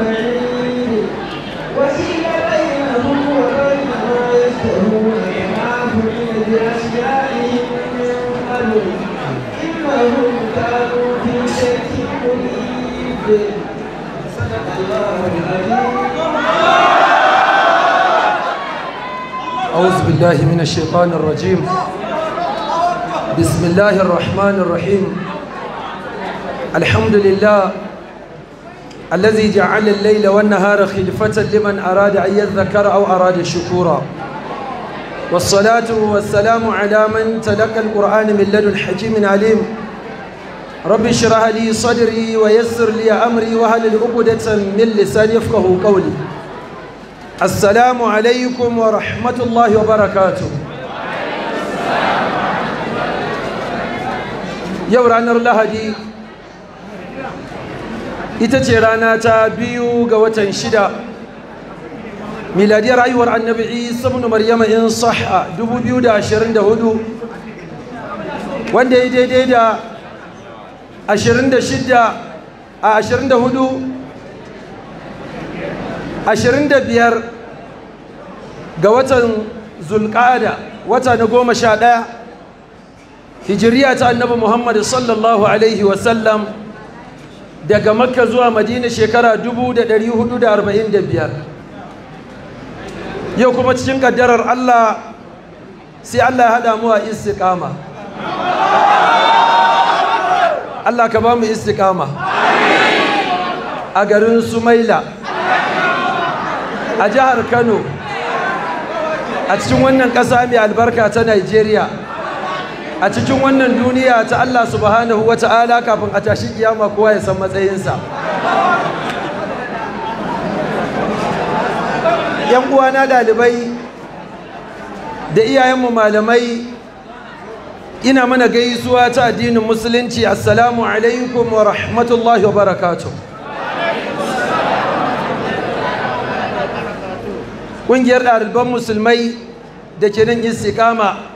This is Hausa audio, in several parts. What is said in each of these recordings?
بينهم وبين ما يشتهون بأشيائهم إنهم كانوا في الله أعوذ بالله من الشيطان الرجيم بسم الله الرحمن الرحيم الحمد لله الذي جعل الليل والنهار خلفة لمن أراد أن يذكر أو أراد شكورا والصلاة والسلام على من تلقى القرآن من لدن حكيم عليم رب اشرح لي صدري ويسر لي أمري وهل العقدة من لسان يفقه قولي السلام عليكم ورحمة الله وبركاته يا ورانا الله دي ita ce rana ta biyu ga watan shida miladiyar rayuwar annabi isa bin maryama in sahha 2024 wanda ya daidai da 26 a 24 25 ga watan zulqada wata na goma sha ɗaya hijiriya ta annabi muhammadu sallallahu alaihi wasallam daga makka zuwa madina shekara 1445 yau kuma cikin kaddarar allah sai allah ya haɗa mu a istiƙama allah ka ba mu istiƙama a garin sumaila a jihar kano a cikin wannan ƙasa mai albarka ta nigeria a cikin wannan duniya ta Allah subhanahu wa ta'ala kafin a tashi kiyama kowa ya san matsayinsa yan uwana dalibai da iyayenmu malamai ina mana gaisuwa ta addinin musulunci assalamu alaikum wa rahmatullahi wa barakatuh ƙungiyar ɗaliban musulmai da ke nan siƙama.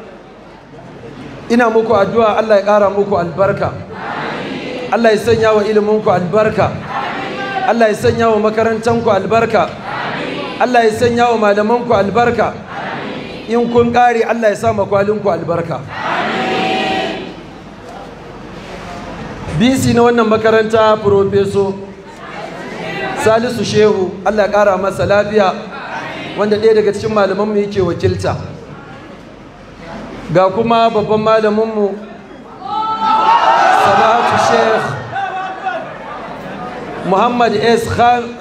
ina muku addu'a Allah ya ƙara muku albarka Allah ya sanya wa ku albarka Allah ya sanya wa makarantanku albarka Allah ya sanya wa malamanku albarka in kun ƙare Allah ya sa makwalinku albarka bc na wannan makaranta profeso salisu shehu Allah ya ƙara masa lafiya wanda ɗaya daga cikin malamanmu yake wakilta ga kuma babban malaminmu sabatu sheikh muhammad s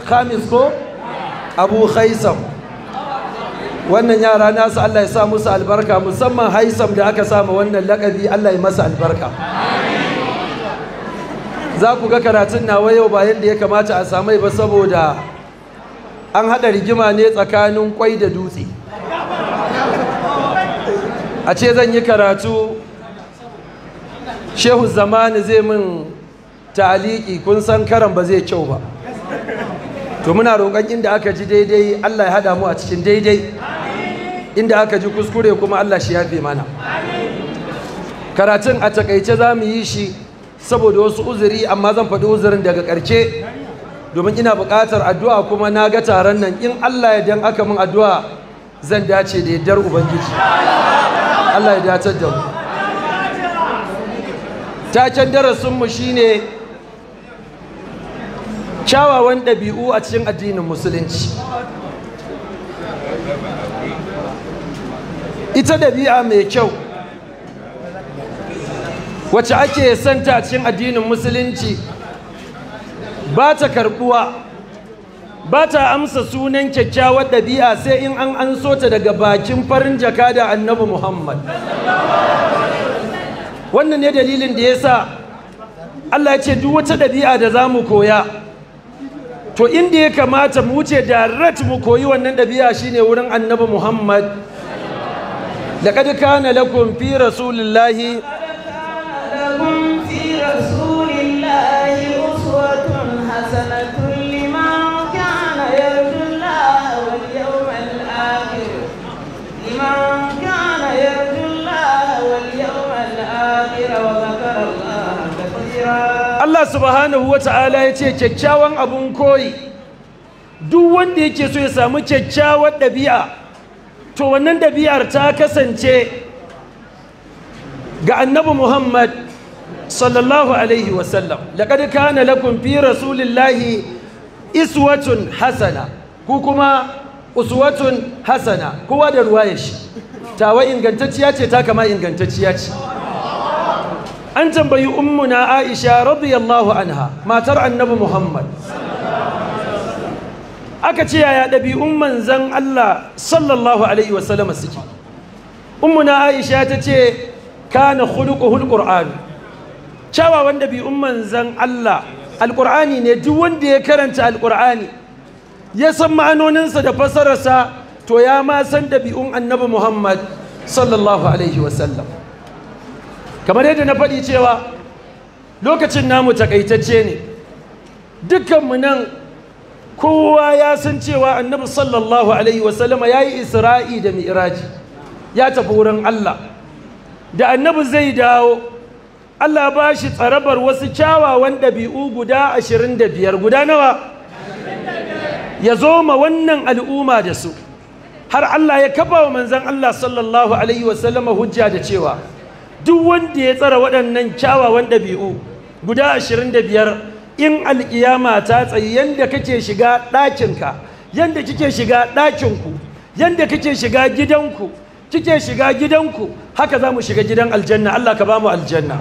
khamis ko abu haisam wannan yara nasu allah ya sa musu albarka musamman haisam da aka sama wannan lakabi allah ya masa albarka za ku ga karatun nawa yau ba yadda ya kamata a samai ba saboda an haɗa rigima ne tsakanin kwai da dutse a ce zan yi karatu shehu zamani zai min taliki kun san karan ba zai kyau ba to muna roƙon inda aka ji daidai Allah ya hada mu a cikin daidai inda aka ji kuskure kuma Allah shi yafe mana karatun a takaice za mu yi shi saboda wasu uzuri amma zan faɗi uzurin daga ƙarshe domin ina buƙatar addu'a kuma na ga taron nan in Allah ya dan aka min addu'a zan dace da yardar Ubangiji Allah ya dace da mu taken darasinmu shine kyawawan ɗabi'u a cikin addinin musulunci ita ɗabi'a mai kyau wacce ake santa a cikin addinin musulunci ba ta karɓuwa ba ta amsa sunan kyakkyawar ɗabi'a sai in an an ta daga bakin farin jaka da annabi muhammad wannan ne dalilin da ya sa allah ya ce duk wata ɗabi'a da za mu koya to inda ya kamata mu wuce direct mu koyi wannan ɗabi'a shine wurin annabi muhammad Da كان لكم في fi allah subhanahu الله كثيرا الله سبحانه وتعالى يتي كيكاوان duk wanda yake so ya samu kyakkyawar ɗabi'a to wannan ɗabi'ar ta kasance ga annabi muhammad sallallahu alaihi sallam. laƙad kana lakum fi rasulillahi iswatun hasana ku kuma uswatun hasana kowa da ruwayar shi tawa ingantacciya ce ta kama ingantacciya ce an tambayi ummuna aisha radiyallahu anha matar annabi muhammad aka ce yaya ɗabi'un manzan allah sallallahu alaihi wasallama suke ummuna aisha ta ce kana khuluquhul qur'an kyawawan ɗabi'un manzan allah alƙur'ani ne duk wanda ya karanta alƙur'ani ya san ma'anoninsa da fasararsa to ya ma san ɗabi'un annabi muhammad sallallahu alaihi wasallam kamar yadda na faɗi cewa lokacin namu takaitacce ne dukkanmu nan kowa ya san cewa annabi sallallahu alaihi wasallama ya yi isra'i da mi'raji ya tafi wurin Allah da annabi zai dawo Allah ba shi tsarabar wasu kyawawan ɗabi'u guda ashirin da biyar guda nawa ya zo ma wannan al'umma da su har Allah ya kafa wa manzan Allah sallallahu alaihi wasallama hujja da cewa duk wanda ya tsara waɗannan kyawawan ɗabi'u guda ashirin da biyar in alƙiyama ta tsayi yadda kake shiga ɗakinka yadda kike shiga ɗakinku yadda kike shiga gidanku kike shiga gidanku haka za mu shiga gidan aljanna Allah ka ba mu aljanna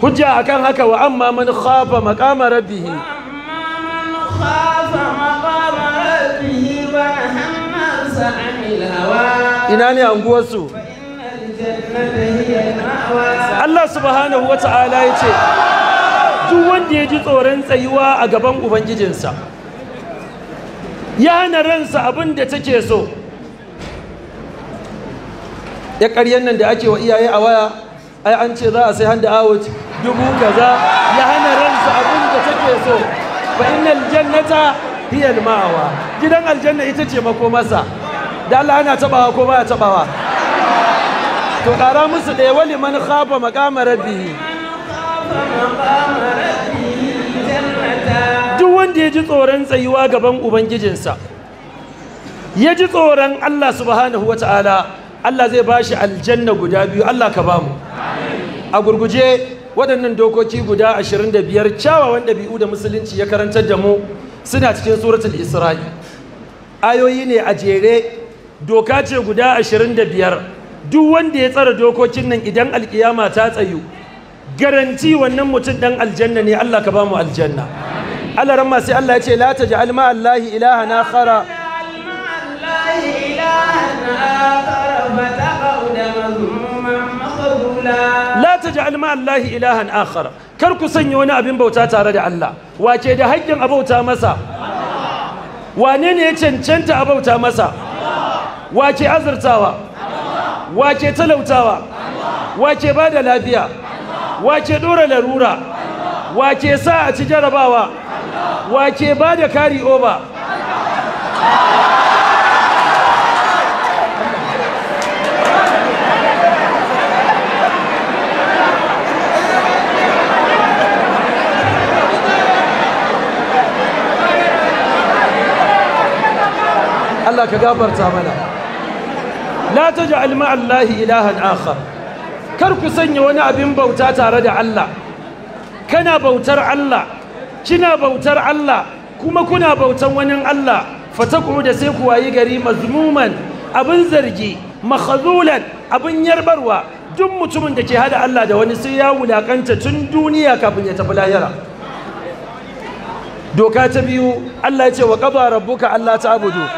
hujja akan haka wa amma man khafa maqama rabbih ina ne anguwarsu Allah subhanahu wa ta'ala ya ce duk wanda ya ji tsoron tsayuwa a gaban ubangijinsa ya hana ransa abin da take so ya ƙaryen nan da ake wa iyaye a waya ai an ce za a sai handa out dubu kaza ya hana ransa abin da take so fa innal jannata hiya al gidan aljanna ita ce makomarsa da Allah yana tabawa ko baya tabawa to ƙara musu ɗaya wali man khafa maqama rabbi duk wanda ya ji tsoron tsayuwa gaban ubangijinsa ya ji tsoron Allah subhanahu wa ta'ala Allah zai ba shi aljanna guda biyu Allah ka ba mu a gurguje waɗannan dokoki guda 25 kyawawan ɗabi'u da musulunci ya karantar da mu suna cikin suratul isra'i ayoyi ne a jere doka ce guda 25 duk wanda ya tsara dokokin nan idan alkiyama ta tsayu garanti wannan mutum dan aljanna ne Allah ka ba mu aljanna Allah ramma sai Allah ya ce la taj'al ma Allah ilaha na khara la taj'al ma Allah na akhar kar ku sanya wani abin bauta tare da Allah wace da haƙƙin abauta masa wane ne ya cancanta abauta masa wace azurtawa wace talautawa wace ba da lafiya wace dora larura wace sa a ci jarabawa wace ba da kari oba Allah ka gafarta mana la taj'al ma'a allahi ilahan akhar kar ku sanya wani abin bauta tare da Allah kana bautar Allah kina bautar Allah kuma kuna bautan wani Allah fataku da sai ku wayi gari mazmuman abin zargi makhzulan abin yarbarwa duk mutumin da ke hada Allah da wani sai ya wulakanta tun duniya kafin ya tafi lahira doka ta biyu Allah ya ce wa qada rabbuka ta ta'budu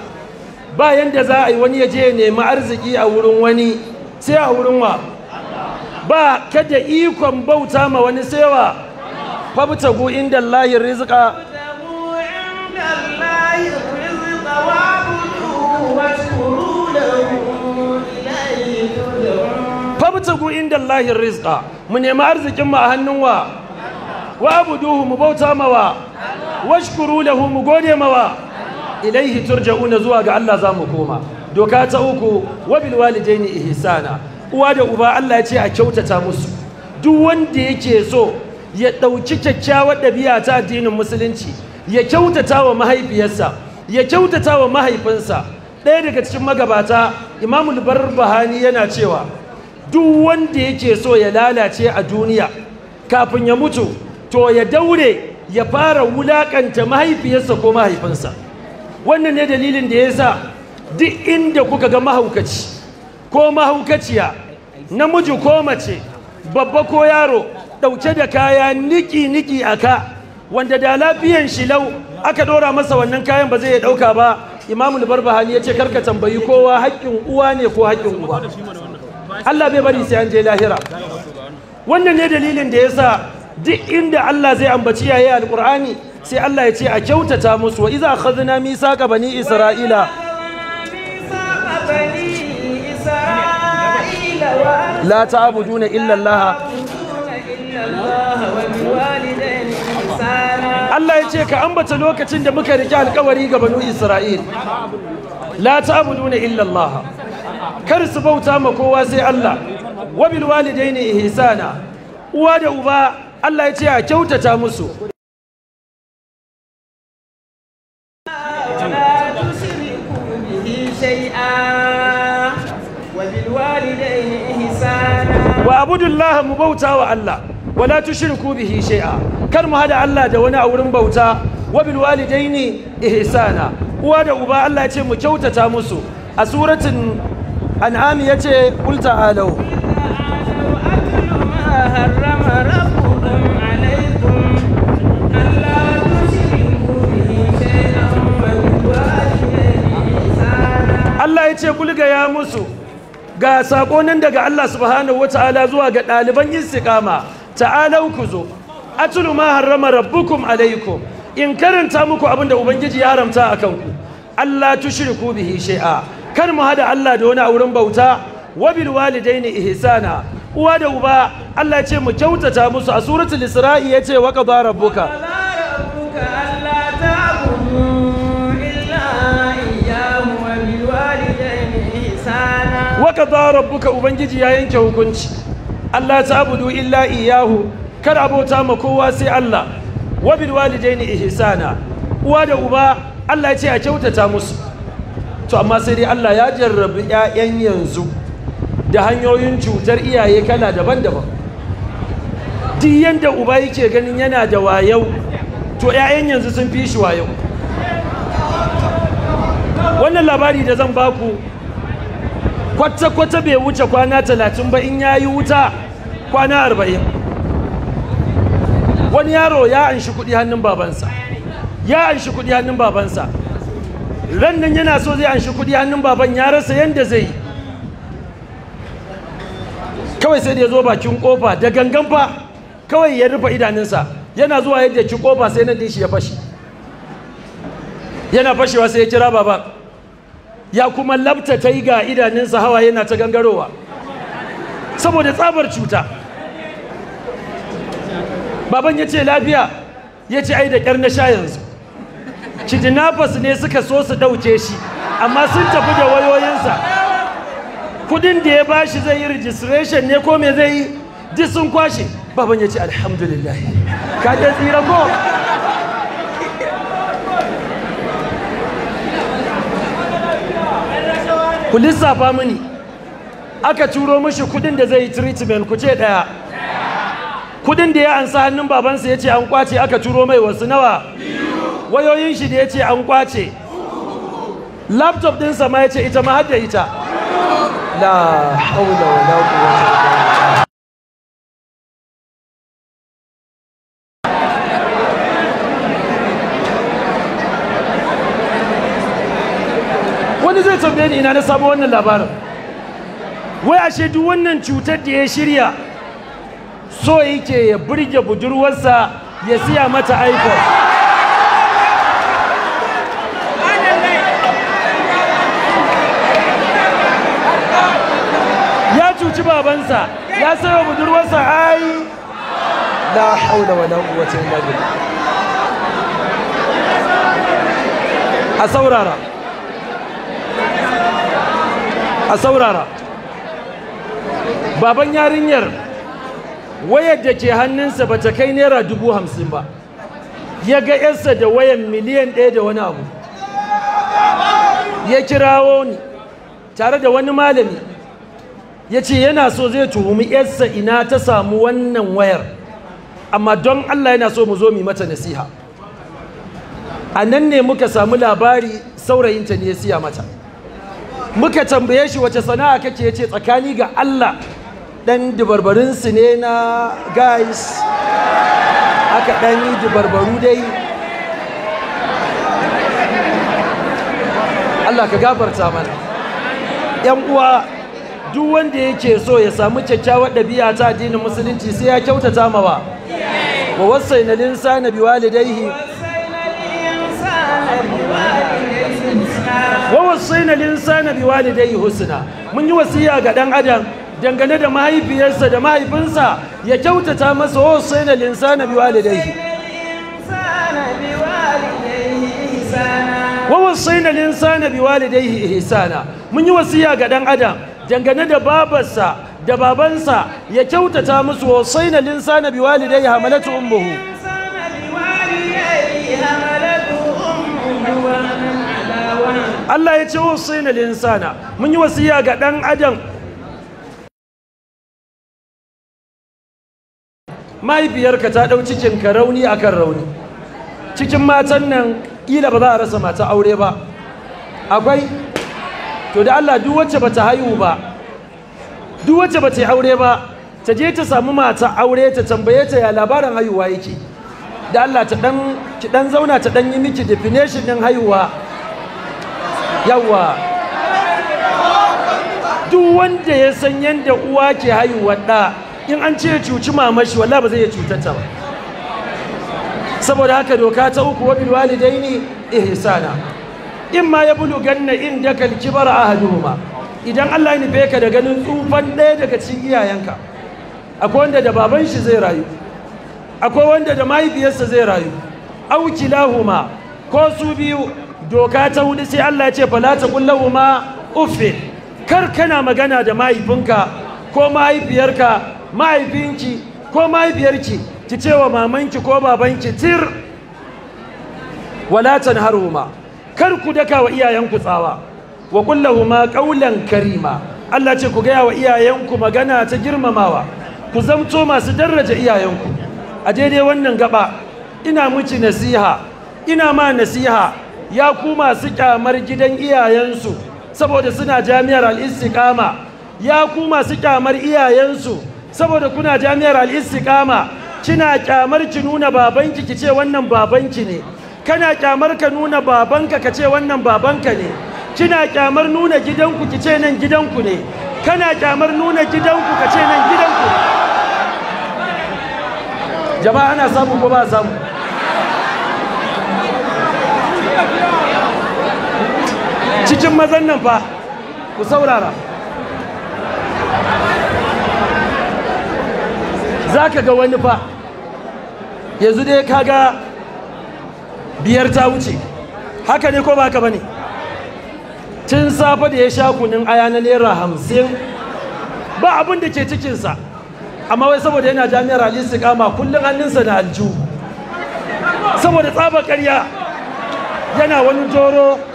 ba yanda za a yi wani ya je nemi arziki a wurin wani sai a wurin wa ba kada ikon bauta ma wani sai wa fabtagu inda Allahi rizqa fabtagu inda Allahi rizqa mu nemi arzikin mu a hannun wa wa abuduhu mu bauta ma wa washkuru lahu mu gode ma wa ilaihi turja'una zuwa ga Allah za mu koma doka ta uku wa bil walidaini ihsana uwa da uba Allah ya ce a kyautata musu duk wanda yake so ya dauki kyakkyawar ɗabi'a ta addinin musulunci ya kyautata wa mahaifiyarsa ya kyautata wa mahaifinsa ɗaya daga cikin magabata imamul barbahani yana cewa duk wanda yake so ya lalace a duniya kafin ya mutu to ya daure ya fara wulakanta mahaifiyarsa ko mahaifinsa wannan ne dalilin da ya sa duk inda kuka ga mahaukaci ko mahaukaciya namiji ko mace babba ko yaro ɗauke da kaya niki-niki a ka wanda da lafiyan shi lau aka ɗora masa wannan kayan ba zai ɗauka ba imamu barbahani ya ce karka tambayi kowa haƙƙin uwa ne ko haƙƙin uwa. Allah bai bari sai an je lahira wannan ne dalilin da ya sa duk inda Allah zai ambaci yaye alƙur'ani sai Allah ya ce a kyautata musu wa iza akhadna misaqa bani isra'ila la ta'buduna illa Allah Allah ya ce ka ambata lokacin da muka rike alƙawari ga banu Isra'il la ta'buduna illa Allah kar su bauta ma kowa sai Allah wa bil walidaini ihsana uwa da uba Allah ya ce a kyautata musu na'budullah mu bauta wa Allah wala tushriku bihi shay'a kar mu hada Allah da wani a wurin bauta wa bil walidaini ihsana uwa da uba Allah ya ce mu kyautata musu a suratin an'am ce qul ta'alu Allah ya ce kulga ya musu ga sako nan daga Allah subhanahu wataala zuwa ga ɗaliban istiqama ta'alau ku zo atlu ma harrama rabbukum alaikum in karanta muku abin da ubangiji ya haramta a kanku Allah tushriku bihi shay'a kar mu hada Allah da wani a wurin bauta wa bil walidaini ihsana uwa da uba Allah ya ce mu kyautata musu a suratul isra'i yace wa qadara rabbuka waka za rabbuka ubangiji ya yanke hukunci Allah ta abudu illa iyahu kar abota ma kowa sai Allah wa bil walidaini ihsana uwa da uba Allah ya ce a kyautata musu to amma sai dai Allah ya jarrabi ƴaƴan yanzu da hanyoyin cutar iyaye kana daban-daban duk yanda uba yake ganin yana da wayau to ƴaƴan yanzu sun fi shi wayau wannan labari da zan baku kwata-kwata bai wuce kwana talatin ba in ya yi wuta kwana arba'in wani yaro ya anshi kudi hannun babansa ya anshi kudi hannun babansa ran nan yana so zai anshi kudi hannun baban ya rasa yadda zai yi kawai sai da ya zo bakin kofa da gangan fa kawai ya rufe idanunsa yana zuwa yadda ya ci kofa sai nan din shi ya fashi yana fashewa sai ya kira baban ya kuma labta ta yi ga idanunsa hawa yana ta gangarowa saboda tsabar cuta baban ya ce lafiya ya ce ai da ƙyar na sha yanzu cidinafas ne suka so su ɗauke shi amma sun tafi da wayoyinsa kudin da ya bashi zai yi registration ne ko me zai yi duk sun kwashe baban ya ce alhamdulillah ka tsira ko ku lissafa mini aka turo mishi kudin da zai yi treatment ku ce daya kudin da ya ansa hannun babansa ya ce an kwace aka turo mai wasu nawa wayoyin shi da ya ce an kwace laptop dinsa ma ya ce ita ma har da ita la hawla wala quwwata illa billah tambaye ni ina na samu wannan labarin wai ashe duk wannan cutar da ya shirya so yake ya burge budurwarsa ya siya mata iphone ya cuci babansa ya sayo budurwarsa ai la haula wala quwwata illa billah a saurara a saurara baban yarinyar wayar da ke hannunsa ba ta kai naira dubu hamsin ba ya ga yarsa da wayan miliyan ɗaya da wani abu ya kirawo ni tare da wani malami ya ce yana so zai tuhumi yarsa ina ta samu wannan wayar amma don Allah yana so mu zo mu mata nasiha a nan ne muka samu labari saurayinta ne ya siya mata muka tambaye shi wace sana'a kake yace tsakani ga Allah dan dubarbarin su ne na guys aka dan yi dubarbaru dai Allah ka gafarta mana yan uwa duk wanda yake so ya samu kyakkyawar ɗabi'a ta addinin musulunci sai ya kyautata mawa wa wasaina linsana biwalidayhi wasina linsana biwalidayhi husna mun yi wasiya ga dan adam dangane da mahaifiyarsa da mahaifinsa ya kyautata masa wasina linsana biwalidayhi wa wasina linsana biwalidayhi ihsana mun yi wasiya ga dan adam dangane da babarsa da babansa ya kyautata musu wasina linsana biwalidayhi hamalatu Allah ya ce wasina oh, lil insana mun yi wasiya ga dan adam mahaifiyarka ta ɗau cikin ka rauni akan rauni cikin matan nan kila ba za a rasa mata aure ba akwai to da Allah duk wacce bata haihu ba duk wacce bata yi aure ba ta je ta samu mata aure ta tambaye ta ya labarin haihuwa yake da Allah ta dan ki dan zauna ta dan yi miki definition din haihuwa yawa duk wanda ya san yadda uwa ke haihuwa ɗa in an ce cuci mamashi wala ba zai cuta ta ba saboda haka doka ta uku wa bil walidaini ihsana in ma ya in da al-kibar ahaduhuma idan Allah ya nufe ka da ganin tsufan ɗaya daga cikin iyayenka akwai wanda da baban shi zai rayu akwai wanda da mahaifiyarsa zai rayu aukilahuma kilahuma ko su biyu doka ta hudu sai Allah ya ce fala ta kullahu ma uffe kar kana magana da mahaifinka ko mahaifiyarka mahaifinki ko mahaifiyarki ki ce wa mamanki ko babanki tir wala tanharuma kar ku daka wa iyayenku tsawa wa kullahu ma qawlan karima Allah ce ku gaya wa iyayenku magana ta girmamawa ku zamto masu daraja iyayenku a daidai wannan gaba ina miki nasiha ina ma nasiha ya ku masu kyamar gidan iyayensu saboda suna jami'ar al ya ku masu kyamar iyayensu saboda kuna jami'ar al kina kyamar ki nuna babanki ki ce wannan babanki ne kana kyamar ka nuna babanka ka ce wannan babanka ne kina kyamar nuna gidanku ki ce nan gidanku ne kana kyamar nuna gidanku ka ce nan gidanku ne jama'a ana samu ko ba samu cikin mazan nan fa ku saurara za ka ga wani fa yanzu dai ka ga biyar ta wuce haka ne ko ba ka ba ne tun safe da ya sha kunin aya na naira hamsin ba abin da ke cikinsa amma wai saboda yana jami'ar kama kullum hannunsa na aljihu saboda tsabar karya yana wani toro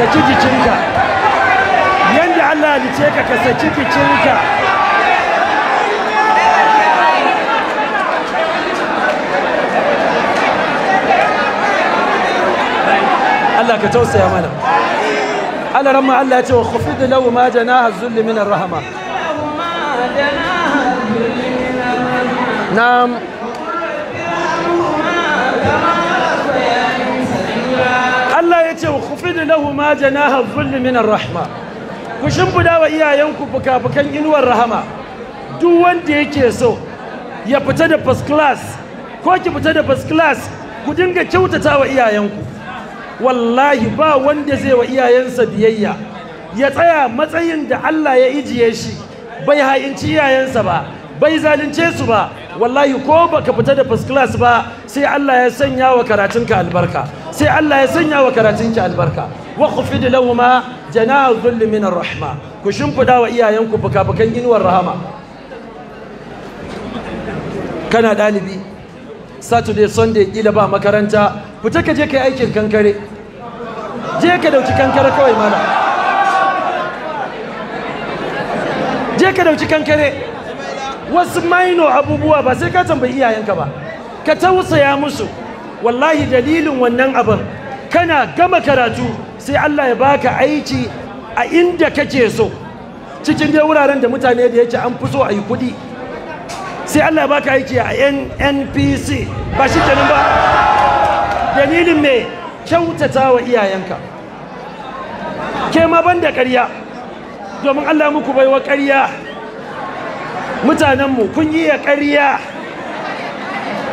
saki jikinka yadda Allah halice ka ka saki jikinka Allah ka tausaya mana Allah ramma Allah ya ce wa khufid lahu ma janaha zulli min ar-rahma na'am ce khufid ma janaha dhulli min rahma ku shimfida wa iyayenku fukafukan inuwar rahama duk wanda yake so ya fita da first class ko ki fita da first class ku dinga kyautata wa iyayenku wallahi ba wanda zai wa iyayensa biyayya ya tsaya matsayin da Allah ya ijiye shi bai ha'inci iyayensa ba bai zalunce su ba wallahi ko baka fita da first class ba sai Allah ya sanya wa karatunka albarka sai Allah ya sanya wa karatunki albarka wa khufid lahuma janaha dhulli min rahma ku shimfida wa iyayenku fukafukan inuwar rahama kana dalibi saturday sunday kila ba makaranta fita ka je kai aikin kankare je ka dauki kankare kawai mana je ka dauki kankare wasu maino abubuwa ba sai ka tambayi iyayenka ba ka tausaya musu wallahi dalilin wannan abin kana gama karatu sai Allah ya baka aiki a inda kake so cikin dai wuraren da mutane da yake an fi so a yi kuɗi sai Allah ya baka aiki a NNPC ba shi kenan ba dalilin me kyautata wa iyayenka ke ma ban da ƙarya domin Allah muku baiwa ƙarya mutanenmu kun yi ya ƙarya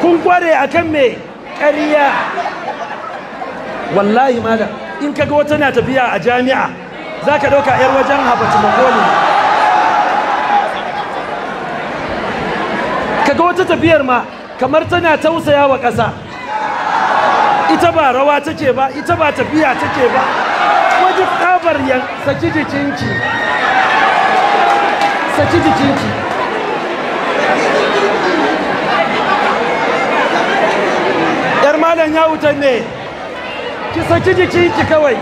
kun kware akan me ƙarya wallahi malam in kaga wata na tafiya a jami'a za ka ɗauka 'yar wajen habatu makoli kaga wata tafiyar ma kamar tana tausaya wa ƙasa ita ba rawa take ba ita ba tafiya take ba wajen tsabar yan saki jikinki saki jikinki malam ya wutan ne ki saki ki kawai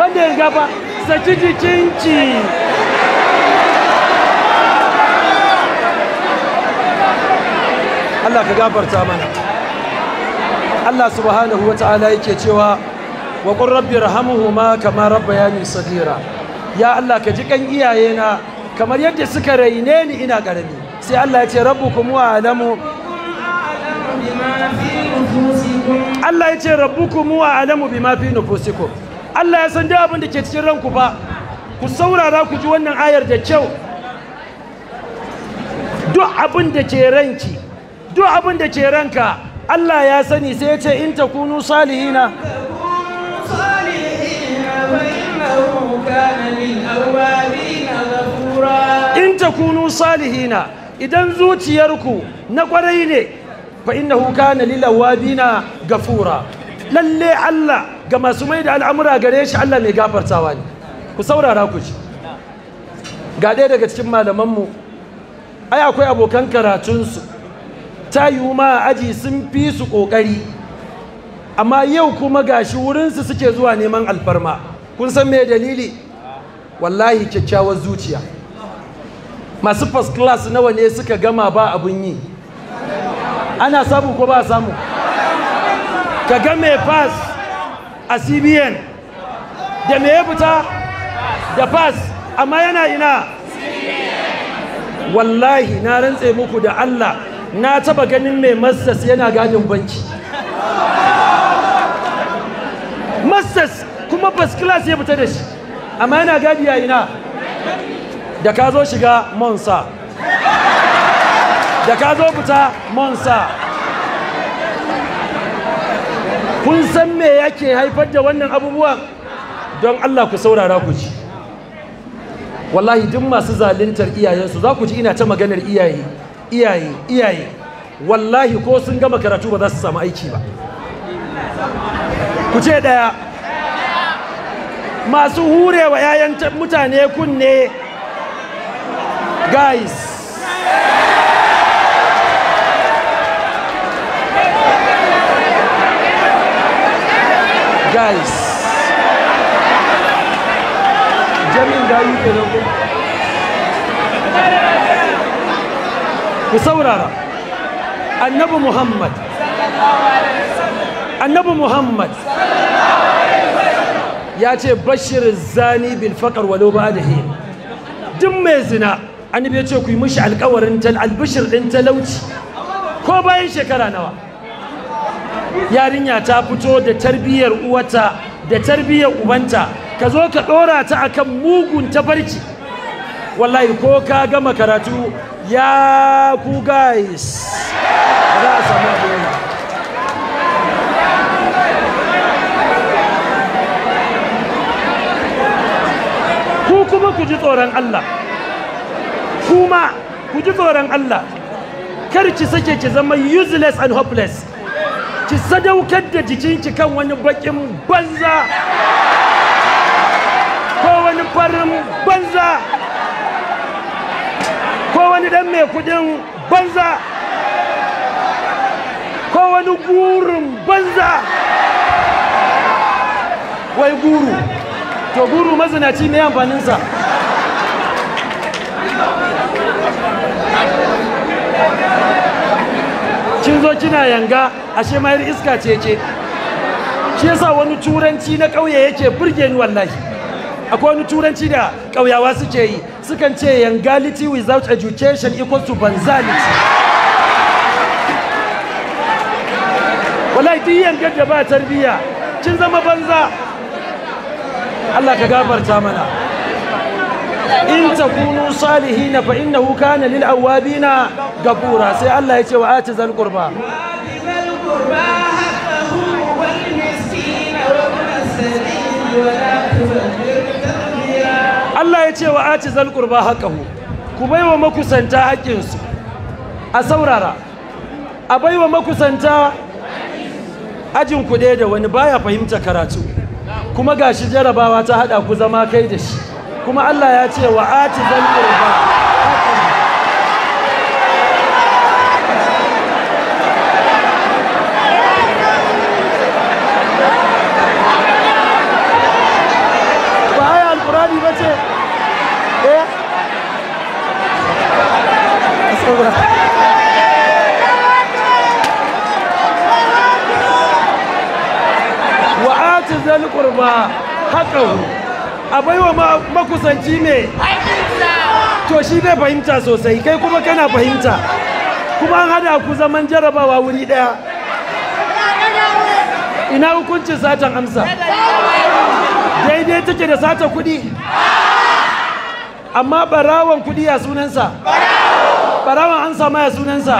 banda yanga ba saki jikinki Allah ka gafarta mana Allah subhanahu wa ta'ala yake cewa wa qur rabbi rahamuhuma kama rabbayani sagira ya Allah ka ji kan iyayena kamar yadda suka raine ni ina garani sai Allah ya ce rabbukum wa alamu Allah ya ce mu wa alamu bima fi nufusikum Allah ya san abin da ke cikin ranku ba ku saurara ku ji wannan ayar da kyau duk abin da ke ranki duk abin da ke ranka Allah ya sani sai ya ce in takunu salihina in takunu salihina idan zuciyarku na kwarai ne fa huka kana lil awabina gafura lalle Allah ga masu mai da al'amura gare shi Allah mai gafartawa ne ku saurara ku ci ga daga cikin malamanmu ai akwai abokan karatunsu ta yi ma aji sun fi su ƙoƙari amma yau kuma gashi wurinsu suke zuwa neman alfarma kun san me dalili wallahi kyakkyawar zuciya masu first class nawa ne suka gama ba abun yi ana samu ko ba samu ka ga mai pass a cbn da mai fita da pass amma yana ina wallahi na rantse muku da allah na taba ganin mai masas yana gadin banki masas kuma first class ya fita da shi amma yana gadi ya ina da ka zo shiga monsa da ka zo fita monsa kun san me yake haifar da wannan abubuwan don Allah ku saurara ku ji. wallahi duk masu zaluntar iyayensu za ku ji ina ta maganar iyaye iyaye iyaye wallahi ko sun gama karatu ba za su samu aiki ba ku ce ɗaya masu hurewa 'ya'yan mutane kunne guys جالس بصورة النبي محمد النبي محمد يا بشر الزاني بالفقر ولو بعده دم أنا بيتوكي مش على الكور أنت البشر أنت لوتي كوباي شكرا نواف yarinya ta fito da tarbiyyar uwata da tarbiyyar ubanta ka zo ka ɗora ta akan mugun tafarki wallahi ko ka gama karatu ya ku guys za a samu ku kuma ku ji tsoron Allah kuma ku ji tsoron Allah kar ki sake ki zama useless and hopeless ki sadaukar da jikinki kan wani bakin banza ko wani farin banza ko wani dan mai kudin banza ko wani gurin banza wai guru to guru mazinaci ne amfaninsa sa kin zo kina yanga ashe mayar iska ce ke shi yasa wani turanci na ƙauye yake burge ni wallahi akwai wani turanci da ƙauyawa suke yi sukan ce yangality without education equals to banzality wallahi duk yanga da ba tarbiyya kin zama banza Allah ka gafarta mana in takunu salihin fa innahu kana lil awabina gafura sai Allah ya ce wa ati zal qurba Allah ya ce wa ati zal qurba haqqahu ku baiwa makusanta su a saurara a baiwa makusanta ajin ku da wani baya fahimta karatu kuma gashi jarabawa ta hada ku zama kai da shi kuma Allah ya ce wa atizal qurba ba aya alqurani bace eh asawra ذا القربى حقه a baiwa makusanci ne to shi bai fahimta sosai kai kuma kana fahimta kuma an hada ku zaman jarabawa wuri daya ina hukuncin satan amsa daidai take da sata kudi amma barawan kudi ya sunansa barawan amsa ma ya sunansa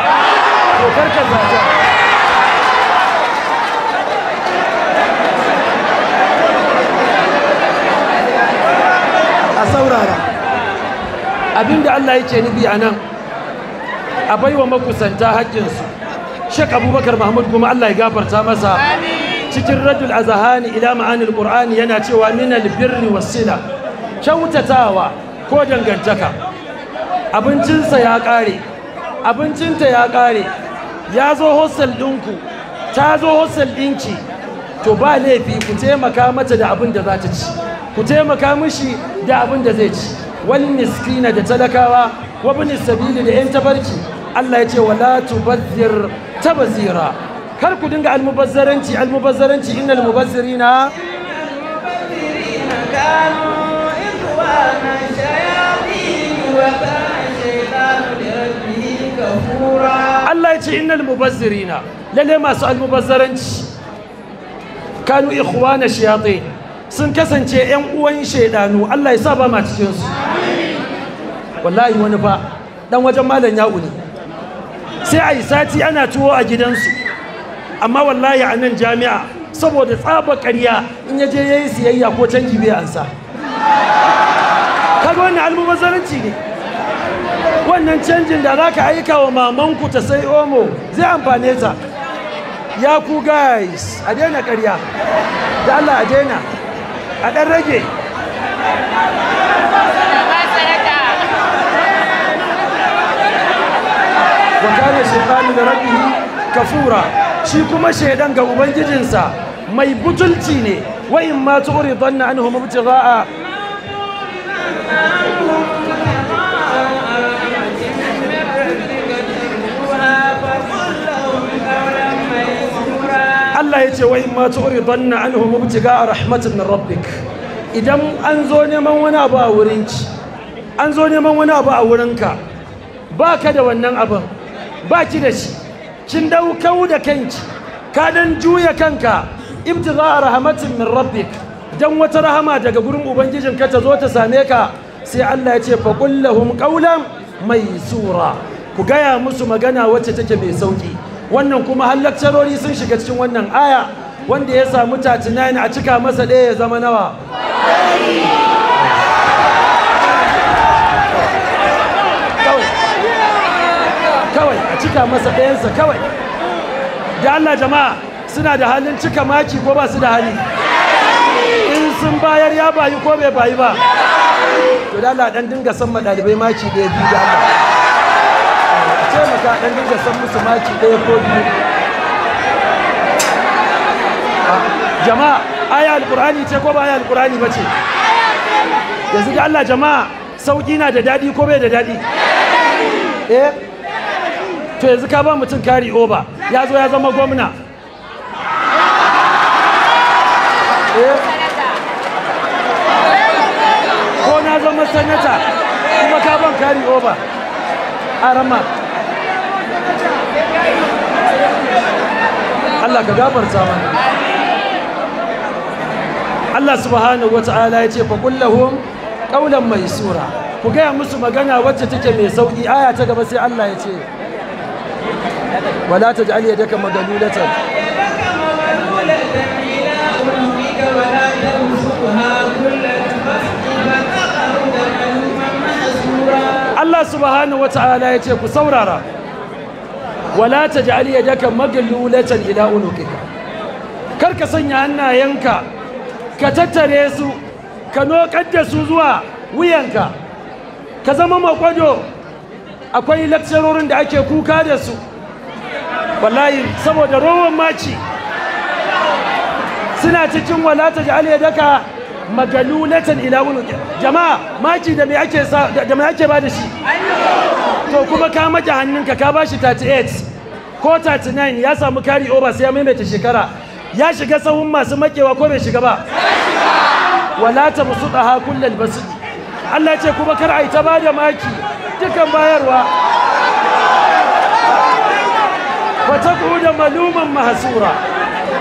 to karka zata abinda Allah yake nufi a nan a baiwa makusanta haƙƙinsu shek abubakar mahmud kuma Allah ya gafarta masa cikin radul azahani ila ma'anil qur'ani yana cewa minal birri wasila kyautatawa ko dangantaka abincinsa ya ƙare abincinta ya ƙare ya zo hostel ɗinku ta zo hostel ɗinki to ba laifi ku taimaka mata da abin da za ta ci ku taimaka mishi da abin da zai ci wal miskina da talakawa wa bin sabili da yan tabarki Allah ya ce wa wala tubazzir tabazira kar ku dinga almubazzaranci almubazzaranci innal mubazzirina Allah ya ce innal mubazzirina lalle masu almubazzaranci kanu ikhwana shayatin sun kasance yan uwan shaidanu Allah ya sa ba ma cikin su wallahi wani fa dan wajen malam ya'u ne sai a yi sati ana tuwo a gidansu amma wallahi a nan jami'a saboda tsaba ƙarya in ya je yayi siyayya ko canji bai ansa kaga wannan almubazzaranci ne wannan canjin da za ka aika wa mamanku ta sai omo zai amfane ta ya ku guys a daina ƙarya da Allah a daina a ɗan rage wa kare da rabbihi kafura shi kuma shaidan ga ubangijinsa mai butulci ne wa in ma tu'ridanna anhum ibtigha'a yace wa in ma tu'ridanna anhum rahmatin min rabbik idan an zo neman wani abu a wurin ki an zo neman wani abu a wurin ba ka da wannan abin ba ki da shi kin daukau da kanki ka dan juya kanka ibtiga rahmatin min rabbik dan wata rahama daga gurin ubangijin ka ta zo ta same ka sai Allah ya ce fa qul lahum qawlan maysura ku gaya musu magana wacce take mai sauki wannan kuma har lakcarori sun shiga cikin wannan aya wanda ya samu 39 a cika masa ɗaya ya zama nawa kawai a cika masa ɗayansa kawai da Allah jama'a suna da halin cika maki ko ba su da hali in sun bayar ya bayi ko bai bayi ba to da Allah dan dinga san ma ɗalibai maki da ya biyu da Allah taimaka dan dinga san musu maki ɗaya ko biyu jama'a aya alqur'ani ce ko ba aya alqur'ani bace yanzu ga Allah jama'a sauƙi na da daɗi ko bai da daɗi eh to yanzu ka ba mutum kari over ya zo ya zama gwamna eh, ko na zama sanata kuma ka ban kari over arama Allah ka gafarta mana Allah subhanahu wata'ala ya ce fa kullahum qawlan maysura ku gaya musu magana wacce take mai sauki aya ta gaba sai Allah ya ce wala taj'al yadaka magalulatan Allah subhanahu wata'ala ya ce ku saurara wala ta taj'al yadaka maglulatan ila unukika kar ka sanya hannayenka ka tattare su ka nokar da su zuwa wuyanka ka zama makwado akwai lakcarorin da ake kuka da su wallahi saboda rowan maci suna cikin wala ta taj'al yadaka maglulatan ila unukika jama'a maci da me ake da me ake ba da shi to kuma ka maƙe hannunka ka ba shi 38 ko 39 ya samu kari over sai ya maimaita shekara ya shiga sahun masu makewa ko bai shiga ba wala ta musu daha kullal basu Allah ce kuma kar a yi ta bada maki dukan bayarwa wata da maluman mahasura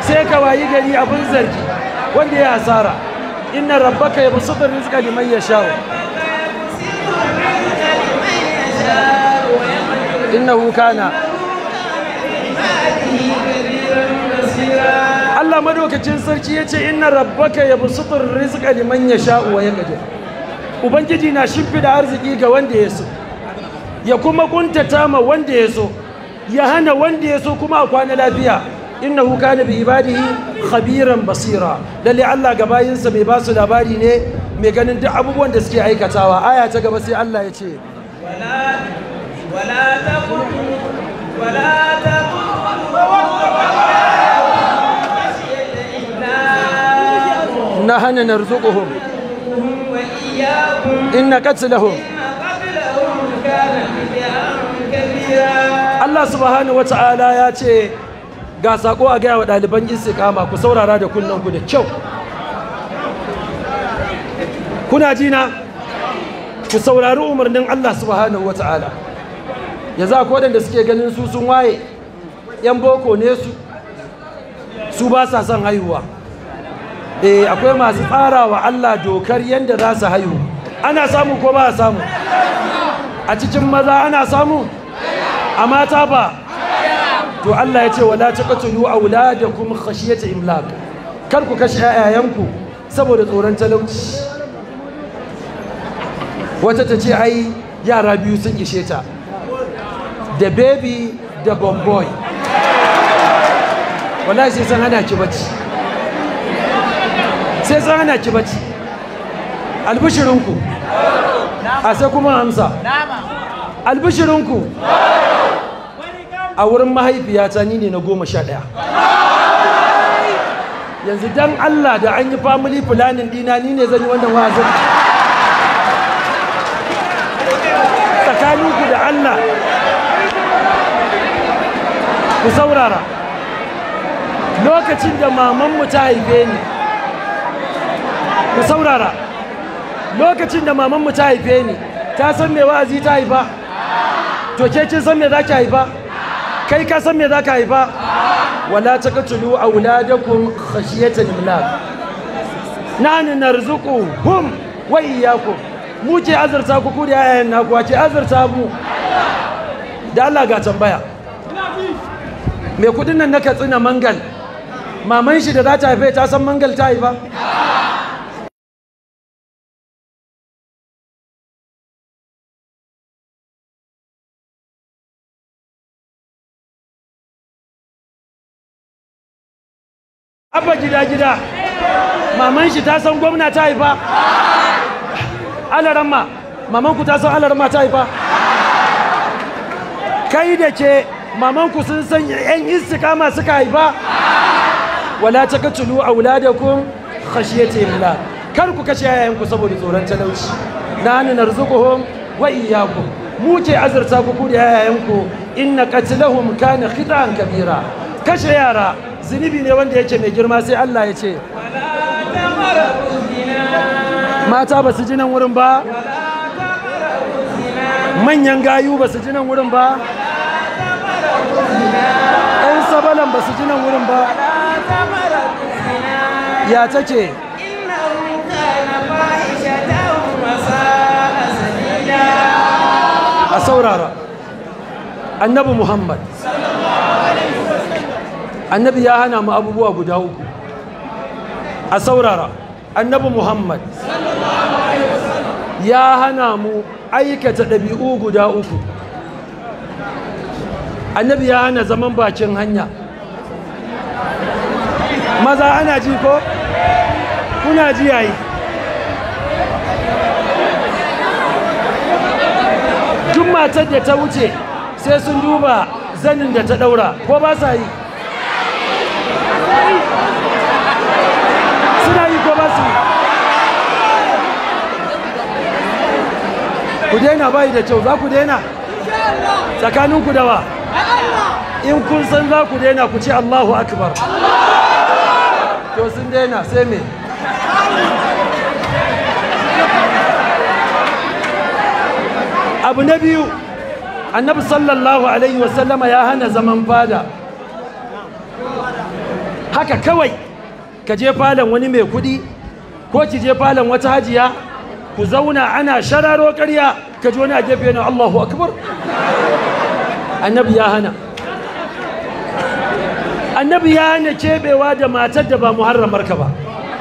sai ka wayi gari abin zargi wanda ya hasara inna rabbaka yabsutu rizqa liman yasha'u innahu kana Allah madaukacin sarki ya ce inna ya yabsutur rizqa liman yasha'u wa yaqdir ubangiji na shimfida arziki ga wanda ya so ya kuma kuntata ma wanda ya so ya wanda ya so kuma a kwana lafiya innahu kana da ibadihi khabiran basira lalle Allah ga bayinsa mai basu labari ne mai ganin duk abubuwan da suke aikatawa aya ta gaba sai Allah ya ce ولا ولا تقتلوا ولا نحن نرزقهم إن قتلهم Allah subhanahu wata'ala ya ce ga sako a gaya wa ɗaliban istiqama ku saurara da kunnanku da kyau kuna jina ki saurari umarnin Allah subhanahu wata'ala ya za ko da suke ganin su sun waye yan boko ne su su ba sa son haihuwa eh akwai masu tsara wa Allah dokar yanda za su haihu ana samu ko ba samu a cikin maza ana samu a mata ba to Allah ya ce wala taqtulu auladakum khashiyata imlaq kar ku kashe 'ya'yanku saboda tsoron talauci wata ta ce ai yara biyu sun ishe ta da baby da bomboy wallahi sai san hana ki bacci sai san hana ki bacci albishirinku a sai kuma hamsa albishirinku a wurin mahaifiyata ni ne na goma sha ɗaya yanzu don allah da an yi family planning dina ni ne zan yi wannan wa'azin ku saurara lokacin da mamanmu ta haife ni ku saurara lokacin da mamanmu ta haife ni ta san me wa'azi ta haifa to ke kin san me za ki haifa kai ka san me za ka haifa wala taqtulu auladakum khashiyata imlaq narzuku hum wa iyyakum mu ce azurta ku ku da yayan naku ce azurta mu da Allah ga tambaya mai kudin nan na tsina mangal maman shi da za ta haife ta san mangal ta haifa abba gida gida maman shi ta san gwamna ta haifa alarama maman ku ta san alarama ta haifa kai da ke mamanku sun san yan istikama suka haifa wala taqtulu auladakum khashiyati imla kar ku kashe yayanku saboda tsoron talauci nanu narzuquhum wa iyyakum mu ke azurta ku da yayanku inna qatlahum kana khita'an kabira kashe yara zunubi ne wanda yake mai girma sai Allah ya ce mata ba su ji wurin ba manyan gayu ba su ji nan wurin ba 'yan sabalan ba su ji nan wurin ba ya ce. a saurara annabi muhammad annabi ya hana mu abubuwa guda uku a saurara annabi muhammad ya hana mu aikata ɗabi'u guda uku annabi ya hana zaman bakin hanya maza ana ji ko kuna ji yayi duk matar da ta wuce sai sun duba zanin da ta daura ko ba sa yi suna yi ko ba su ku daina bayi da kyau za ku daina tsakaninku da wa in kun san za ku daina ku ce Allahu akbar to sun daina sai me abu na biyu annabi sallallahu alaihi wasallama ya hana zaman fada haka kawai ka je falon wani mai kudi ko ki je falon wata hajiya ku zauna ana shararo karya ka ji wani a gefe na Allahu akbar annabi ya hana annabi ya hana kebewa da matar da ba muharramarka ba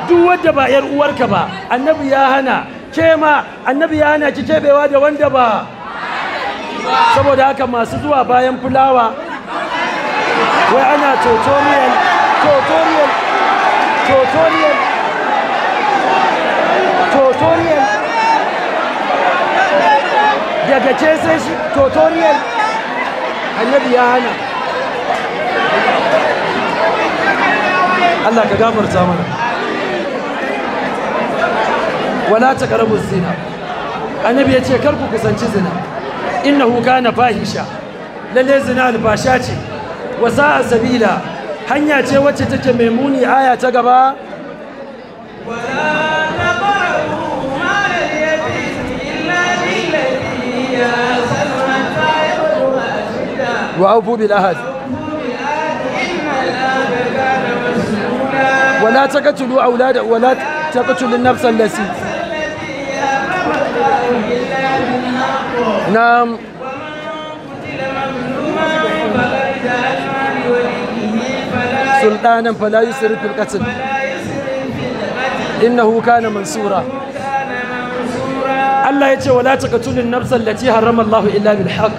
duk wadda ba yar uwarka ba annabi ya hana ke ma annabi ya hana ki kebewa da wanda ba saboda haka masu zuwa bayan fulawa wai ana tutorial tutorial tutorial tutorial daga ce sai shi tutorial annabi ya hana الله كقامر تامنا ولا تقربوا الزنا النبي يتكربوا كسنج زنا إنه كان فاهشا للزنا الباشاتي وساء سبيلا هنيا تيوتي تجميموني آية تقبا ولا وأوفوا بالأهل ولا تقتلوا أولاد ولا تقتلوا النفس التي نعم سلطانا فلا يسر في القتل إنه كان منصورا الله يجي ولا تقتلوا النفس التي حرم الله إلا بالحق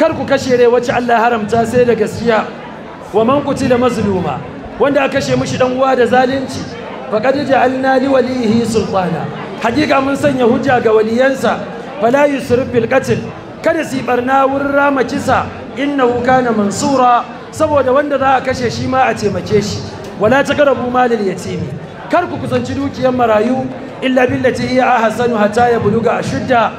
كركو كشيري وجه الله حرم تاسيري قسيا ومن قتل مظلوما wanda aka kashe mishi dan uwa da zalunci faqad ja'alna li walihi sultana hakika mun sanya hujja ga waliyansa fala yusrif bil qatl kada su barna wurin rama kisa innahu kana mansura saboda wanda za a kashe shi ma a taimake shi wala taqrabu malil yatimi kar ku kusanci dukiyar marayu illa billati hiya ahsanu hatta yabluga ashudda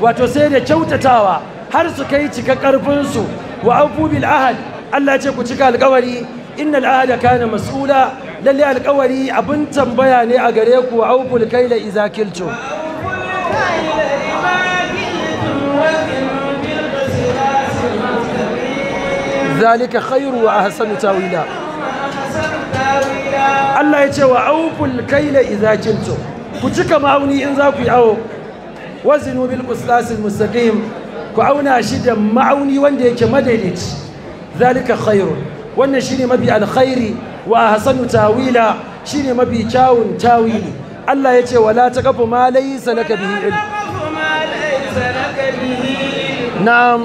wato sai da kyautatawa har su kai cika karfin su wa afu bil ahad Allah ya ce ku cika alƙawari innal ahada kana mas'ula lalle alƙawari abin tambaya ne a gare ku auful kaila iza kiltum zalika khairu wa ahsanu tawila Allah ya ce wa auful kaila iza kiltum ku cika ma'auni in za ku yi awo wazinu bil qislasil mustaqim ku auna shi da ma'auni wanda yake madaidaici zalika wannan shine mafi alkhairi wa ahsanu tawila shine mafi kyawun tawili Allah ya ce wala ta taqafu ma laysa laka bihi ilm na'am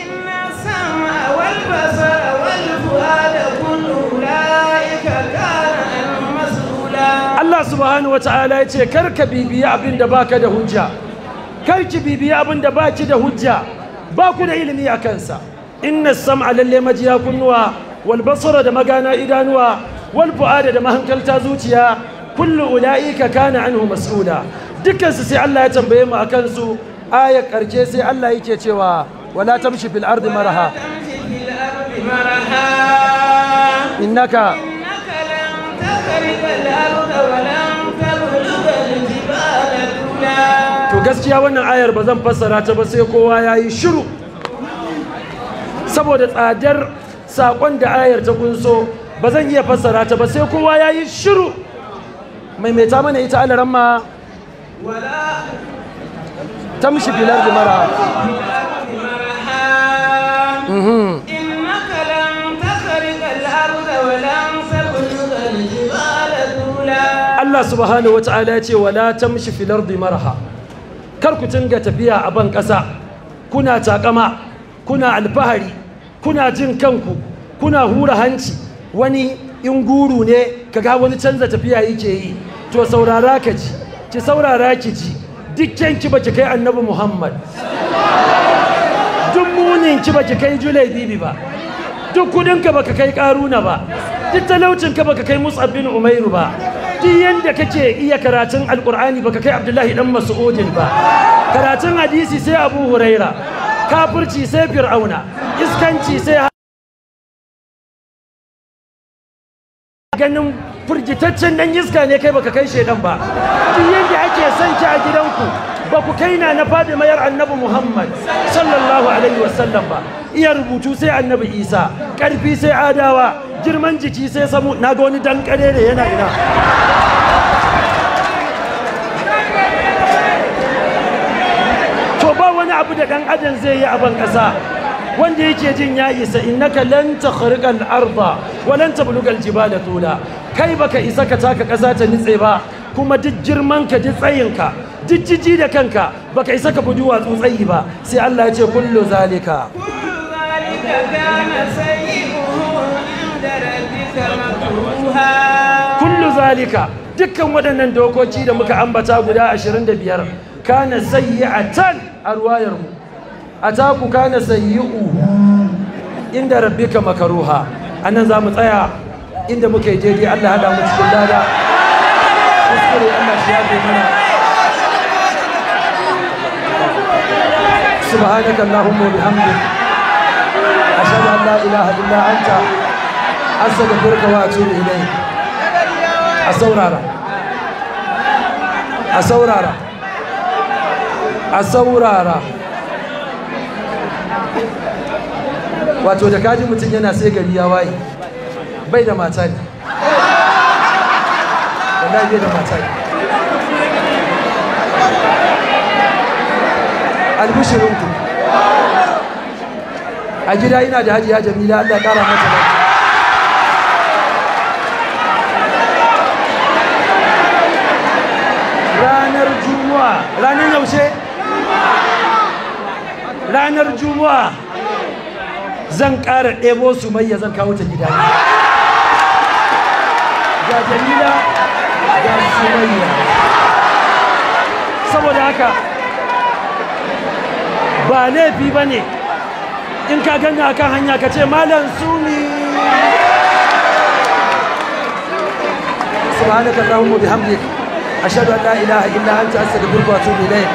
inna sama wal basara wal fuada kullu ulaika kana mas'ula Allah subhanahu wataala ya ce karka bibiya abin da baka da hujja karki bibiya abin da baki da hujja ba ku da ilimi a kansa inna sam'a lalle majiya kunnuwa wal basara da magana idanuwa wal fu'ada da mahankalta zuciya kullu ulaika kana anhu mas'ula dukkan su sai Allah ya tambaye mu akan su aya karshe sai Allah yake cewa wala tamshi fil ardi maraha innaka to gaskiya wannan ayar ba zan fassara ta ba sai kowa yayi shiru saboda tsadar saƙon da ayar ta kunso ba zan iya fassara ta ba sai kowa ya yi shiru maimaita mana ita alaran ma tamshi filar da mara mhm. Allah subhanahu ya ce wala tamshi filar da marha kar ku tinga tafiya a ban ƙasa kuna takama kuna alfahari kuna jin kanku kuna hura hanci wani in guru ne kaga wani canza tafiya yake yi to saurara ka ji ki saurara ki ji dukkan ki baki kai annabi muhammad duk munin ki baki kai julaibibi ba duk kudin ka baka kai karuna ba duk talaucin ka baka kai mus'ab bin umairu ba duk yanda kake iya karatun alqur'ani baka kai abdullahi dan mas'udin ba karatun hadisi sai abu huraira kafirci sai fir'auna iskanci sai ganin firgitaccen dan iska ne kai baka kai shedan ba duk yadda ake son ki a gidanku ba ku kai na na faɗi mayar annabi muhammad sallallahu alaihi wasallam ba iya rubutu sai annabi isa karfi sai adawa girman jiki sai samu na ga wani dan kare yana ina abu da dan adam zai yi a ban kasa wanda yake jin ya isa innaka lan takhriqal arda wa lan tabluga jibala tula kai baka isa ka taka kasa ta nitse ba kuma duk girman ka duk tsayin ka duk jiji da kanka baka isa ka fi duwatsu tsayi ba sai Allah ya ce kullu zalika kullu zalika dukkan waɗannan dokoki da muka ambata guda 25 kana sayyi'atan a ruwayar mu ataku kana sayyi'u inda rabbika makaruha anan zamu tsaya inda muke daidai Allah hada mu cikin dada kuskure Allah shi yafe mana سبحانك اللهم وبحمدك أشهد أن لا إله إلا أنت أستغفرك وأتوب إليك أستورارا أستورارا a saurara wato da kaji mutum yana sai gari ya waye bai da mata ne wallahi bai da mata ne albishirinku a gida yana da hajiya jamila Allah kara mata lafiya ranar juma'a ranar yaushe ranar juma'a zan ƙara ɗebo su mai ya zan kawo ta gida ga jamila ga sumayya saboda haka ba laifi ba ne in ka ganga kan hanya ka ce malam suni subhanaka allahumma a ashhadu an la ilaha illa anta astaghfiruka wa atubu ilayk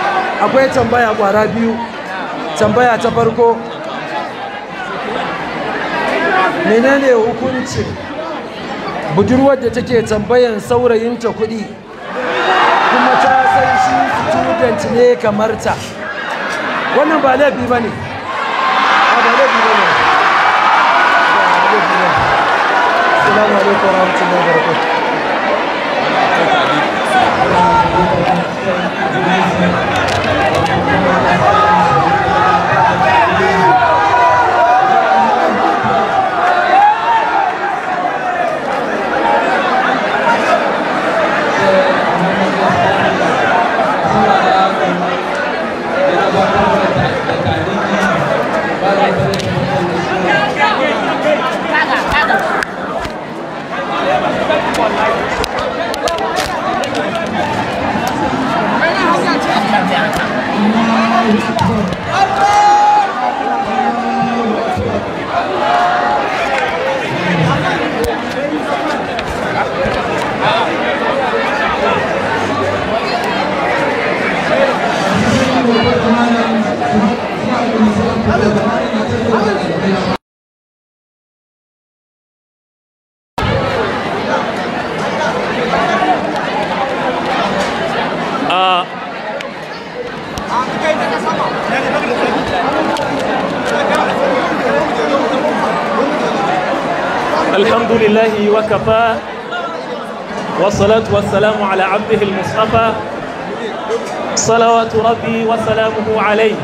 akwai tambaya ƙwara biyu tambaya ta farko menene hukuncin budurwar da take tambayan saurayinta kuɗi kuma ta san shi student ne kamar ta wannan ba laifi ba ne ah, ba Thank you. Gracias. والصلاة والسلام على عبده المصطفى صلوات ربي وسلامه عليه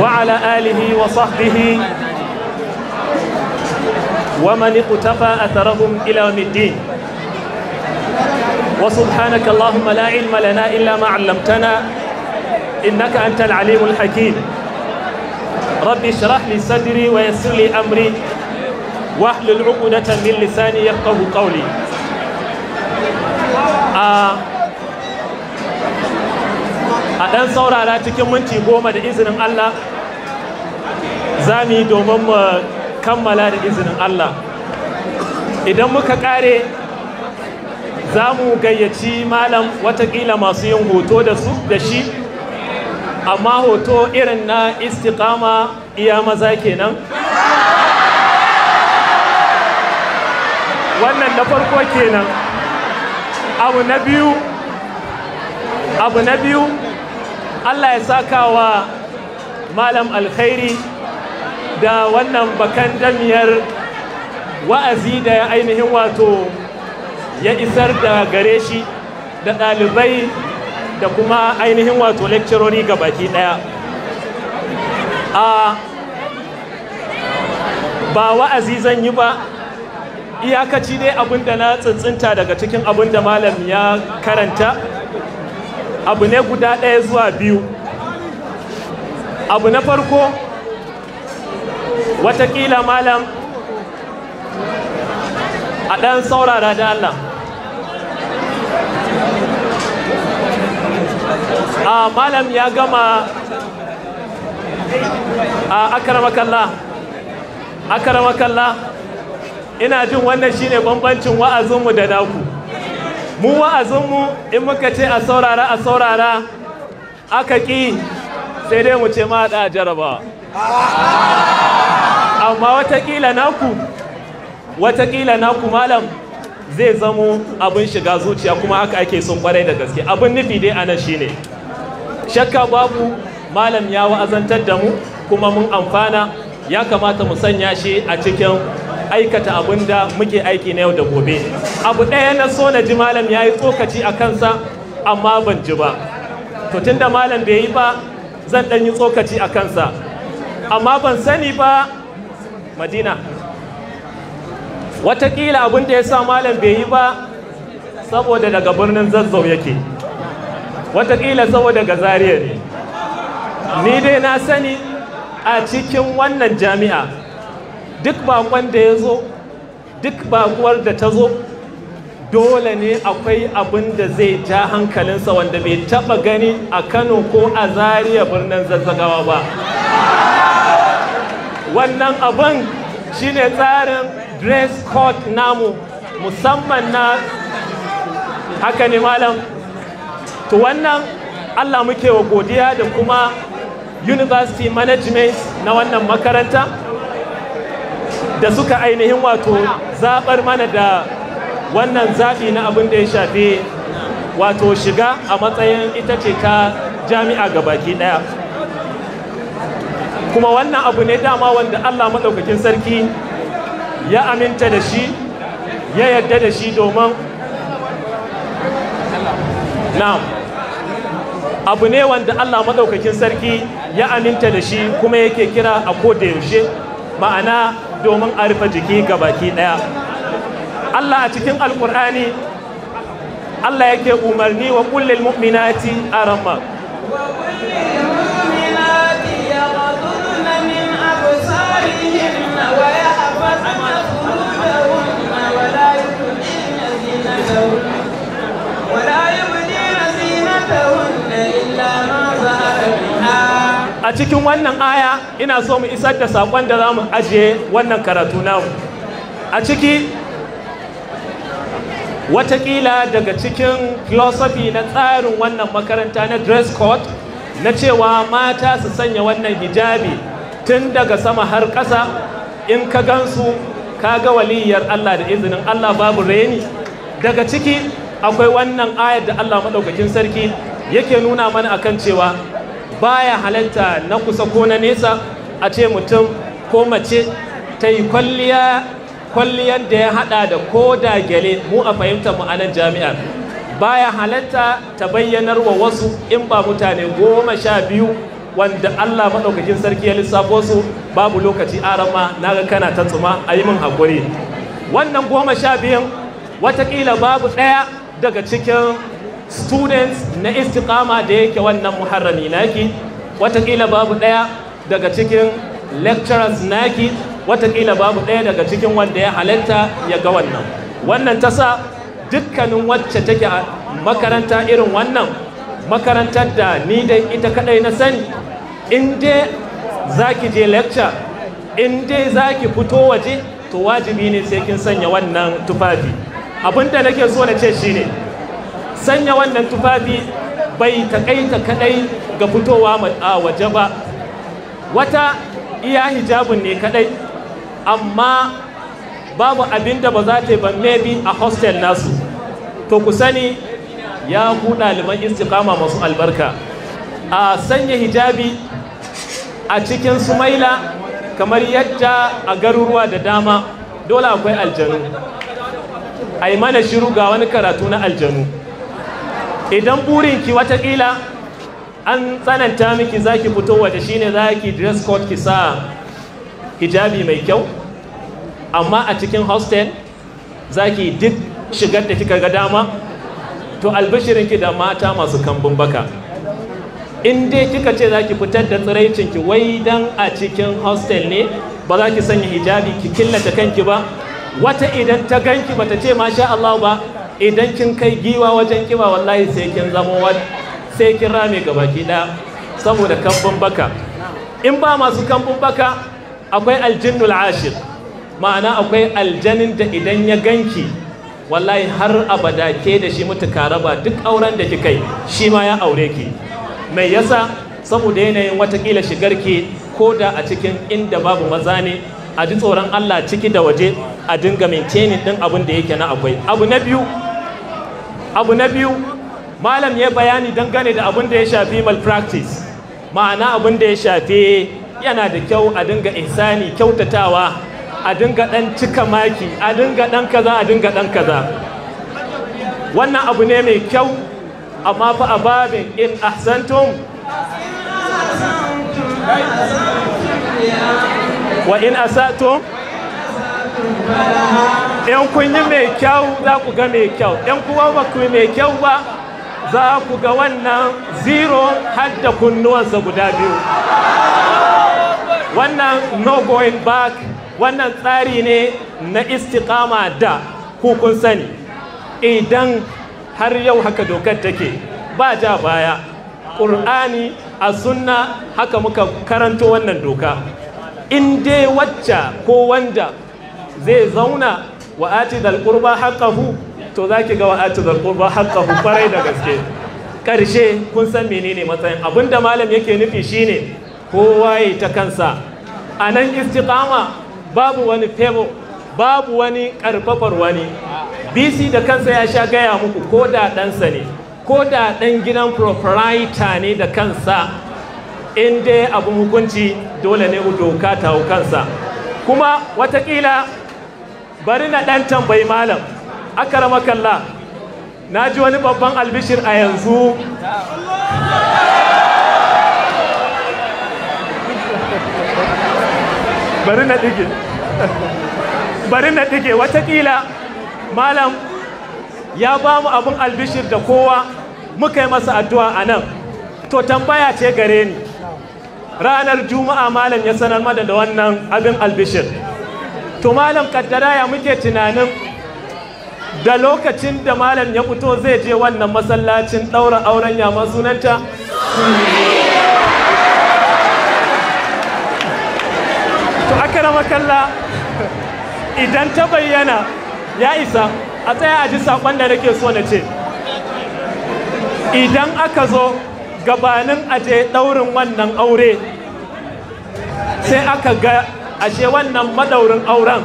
وعلى آله وصحبه ومن اقتفى أثرهم إلى يوم الدين وسبحانك اللهم لا علم لنا إلا ما علمتنا إنك أنت العليم الحكيم ربي اشرح لي صدري ويسر لي أمري واحلل عقدة من لساني يفقه قولي a ɗan saurara cikin minti goma da izinin Allah za mu yi domin mu kammala da izinin Allah idan muka ƙare za mu gayyaci malam watakila masu yin hoto da su da shi amma hoto irin na istiƙama iya maza kenan wannan na farko kenan abu na biyu abu na biyu Allah ya saka wa malam alkhairi da wannan bakan damiyar wa'azi da ya ainihin wato ya isar da gare shi da ɗalibai da kuma ainihin wato lecturori ga baki ɗaya a ba wa'azi zan yi ba iyakaci dai abin da na tsintsinta daga cikin abin da malam ya karanta abu ne guda ɗaya zuwa biyu abu na farko watakila malam a ɗan saurara da Allah a malam ya gama a akaramakalla akaramakalla ina jin wannan shine bambancin wa'azinmu da naku mu wa'azinmu in muka ce a saurara a saurara aka ƙi sai dai mu ce ma da jarrabawa amma watakila naku watakila naku malam zai zamo abin shiga zuciya kuma aka ake son kwarai da gaske abin nufi dai nan shine shakka babu malam ya wa'azantar da mu kuma mun amfana ya kamata mu sanya shi a cikin aikata abin da muke aiki na yau da gobe abu ɗaya na so na ji malam ya yi tsokaci a kansa amma ban ji ba to tunda malam bai yi ba zan ɗan yi tsokaci a kansa amma ban sani ba madina watakila abin da ya sa malam bai yi ba saboda daga birnin zazzau yake watakila saboda ga zariya ne ni dai na sani a cikin wannan jami'a duk bakon da ya zo duk bakuwar da ta zo dole ne akwai abin da zai ja hankalinsa wanda bai taba gani a kano ko a zariya birnin zazzagawa ba wannan abin shine tsarin dress code namu musamman na haka ne malam to wannan allah muke wa godiya da kuma university management na wannan makaranta da suka ainihin wato zaɓar mana da wannan zaɓi na abin da ya shafi wato shiga a matsayin ita ce ta jami'a ga baki ɗaya kuma wannan abu ne dama wanda allah maɗaukakin sarki ya aminta da shi ya yarda da shi domin na'am abu ne wanda Allah maɗaukakin sarki ya aminta da shi kuma yake kira a koda yaushe ma'ana domin a rufe jiki ga baki ɗaya Allah a cikin alkur'ani Allah yake umarni wa kullil mu'minati aramma a cikin wannan aya ina so mu isar da saƙon da za mu ajiye wannan karatu namu a ciki watakila daga cikin philosophy na tsarin wannan makaranta na dress code na cewa mata su sanya wannan hijabi tun daga sama har ƙasa in ka gansu ka ga waliyar Allah da izinin Allah babu reni daga ciki akwai wannan ayar da Allah maɗaukakin sarki yake nuna mana akan cewa baya halatta na kusa ko na nesa a ce mutum ko mace ta yi kwalliya kwalliyan da ya hada da ko da gyale mu a fahimta mu nan jami'a baya halatta ta bayyanar wa wasu in ba mutane goma sha biyu wanda Allah maɗaukakin sarki ya lissafo su babu lokaci arama na ga kana ta tsuma a yi min haƙuri wannan goma sha biyun watakila babu ɗaya daga cikin students na istiqama da yake wannan muharrami naki watakila babu ɗaya daga cikin lecturers naki watakila babu ɗaya daga cikin wanda ya halatta ya ga wannan wannan ta sa dukkanin wacce take a makaranta irin wannan makarantar da ni da ita kadai na sani in dai za je lecture in dai zaki fito waje to wajibi ne sai kin sanya wannan tufafi abinda nake so na ce shine ne sanya wannan tufafi bai takaita kadai ga fitowa a waje ba wata iya hijabin ne kadai amma babu abin da ba za ta yi ba maybe a hostel nasu to ku sani ya ku ɗaliban istiqama masu albarka a sanya hijabi a cikin sumaila kamar yadda a garuruwa da dama dole akwai aljanu a yi mana shiru ga wani karatu na aljanu idan burinki watakila an tsananta miki zaki fito waje shine zaki dress code ki sa hijabi mai kyau amma a cikin hostel zaki duk shigar da kika ga dama to albashirinki da mata masu kambun baka in dai kika ce zaki fitar da tsiraicinki wai dan a cikin hostel ne ba za ki sanya hijabi ki killata kanki ba wata idan ta ganki bata ce masha Allah ba idan kin kai giwa wajen kiba wallahi sai kin zama sai kin rame gaba ɗaya saboda kambun baka in ba masu kambun baka akwai aljinnul ashir ma'ana akwai aljanin da idan ya ganki wallahi har abada ke da shi mutuka raba duk auren da kika yi shi ma ya aure ki mai yasa saboda yanayin watakila shigarki ko da a cikin inda babu maza ne a ji tsoron Allah ciki da waje a dinga maintaining din abin da yake na akwai abu na biyu abu na biyu malam ya bayani dangane da abin da ya shafi malpractice ma'ana abin da ya shafi yana da kyau a dinga ihsani kyautatawa a dinga dan cika maki a dinga dan kaza a dinga dan kaza wannan abu ne mai kyau amma fa a babin in ahsantum wa in asatum yan kunyi mai kyau za ku ga mai kyau ‘yan kuwa ba ku mai kyau ba za ku ga wannan zero har da kunnuwansa guda biyu wannan no going back wannan tsari ne na istikama da kun sani idan har yau haka dokar take ba ja baya ƙur'ani a sunna haka muka karanto wannan doka in dai wacce ko wanda zai zauna wa ati dal qurba haqqahu to ki ga wa ati dal farai da gaske ƙarshe kun san menene matsayin da malam yake nufi shine kowa yi ta kansa a nan istiqama babu wani febo babu wani ƙarfafar wani bc da kansa ya sha gaya muku ko da ɗansa ne ko da ɗan gidan proprietor ne da kansa in dai abin hukunci dole ne doka ta kansa kuma watakila bari na ɗan tambayi malam rama kalla na ji wani babban albishir a yanzu bari na ɗige bari na ɗige watakila malam ya ba mu abin albishir da kowa muka yi masa addu'a a nan to tambaya ce gare ni ranar juma'a malam ya sanar mada da wannan abin albishir to malam kaddara ya muke tunanin da lokacin da malam ya fito zai je wannan masallacin daura auren ma sunanta to aka rama kalla idan ta bayyana ya isa a tsaya a ji saƙon da nake so na ce idan aka zo gabanin aje ɗaurin wannan aure sai aka ga ashe wannan madaurin auren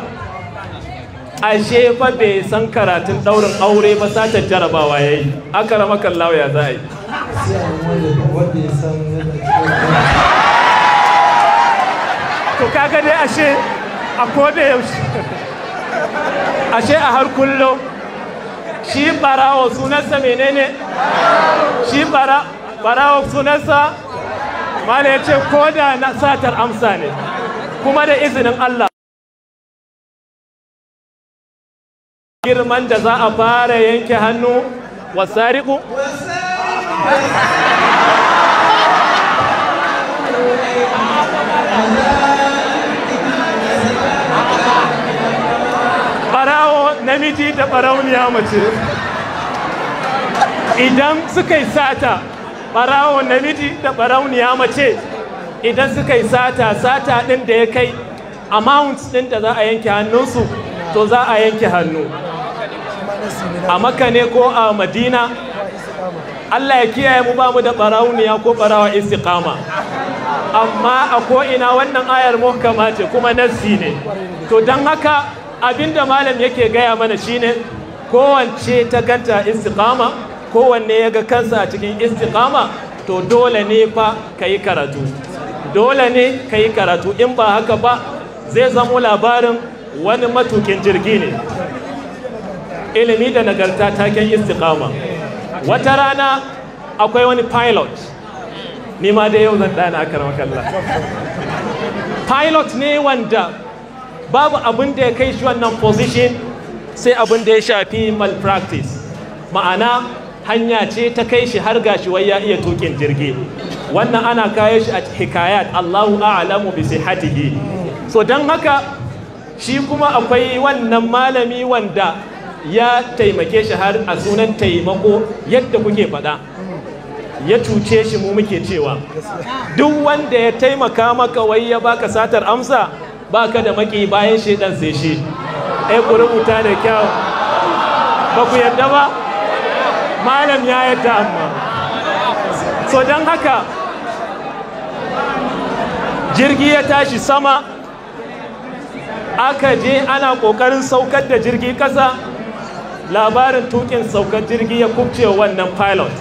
ashe fa bai san karatun daurin aure ba sace jarabawa yi aka rama kallawa ya za yi to kaga dai ashe a koda yaushe ashe a har kullum shi barawo sunansa menene shi barawo sunansa mala ya ce koda na satar amsa ne kuma da izinin Allah girman da za a fara yanke hannu wasariku barawo namiji da ɓarauniya mace idan suka yi sata barawo namiji da barauniya mace idan suka yi sata sata ɗin da ya kai amount ɗin da za a yanke hannunsu to za a yanke hannu a makane ko a madina Allah ya kiyaye mu ba mu da barauniya ko barawa istiqama amma a ko'ina wannan ayar muhkama ce kuma nassi ne to don haka abinda malam yake gaya mana shine kowance ta ganta istiqama kowanne ya ga kansa a cikin istiqama to dole ne fa ka yi karatu dole ne ka yi karatu in ba haka ba zai zamo labarin wani matukin jirgi ne ilimi da nagarta taken istiqama wata rana akwai wani pilot ni ma da yau zan dana aka kalla pilot ne wanda babu abin da ya kai shi wannan position sai abin da ya shafi malpractice ma'ana hanya ce ta kai shi har gashi wai ya iya tukin jirgi wannan ana kayan shi a hikayat Allahu a'lamu bi sihhatihi so dan haka shi kuma akwai wannan malami wanda ya taimake shi har a sunan taimako yadda kuke faɗa ya cuce shi mu muke cewa duk wanda ya taimaka maka wai ya baka satar amsa baka da maki bayan shi dan sai shi ai eh, ku rubuta da kyau ba ku yarda ba malam ya yarda amma so don haka jirgi ya tashi sama aka je ana ƙoƙarin saukar da jirgi kasa labarin tukin saukar jirgi ya kubce wannan pilot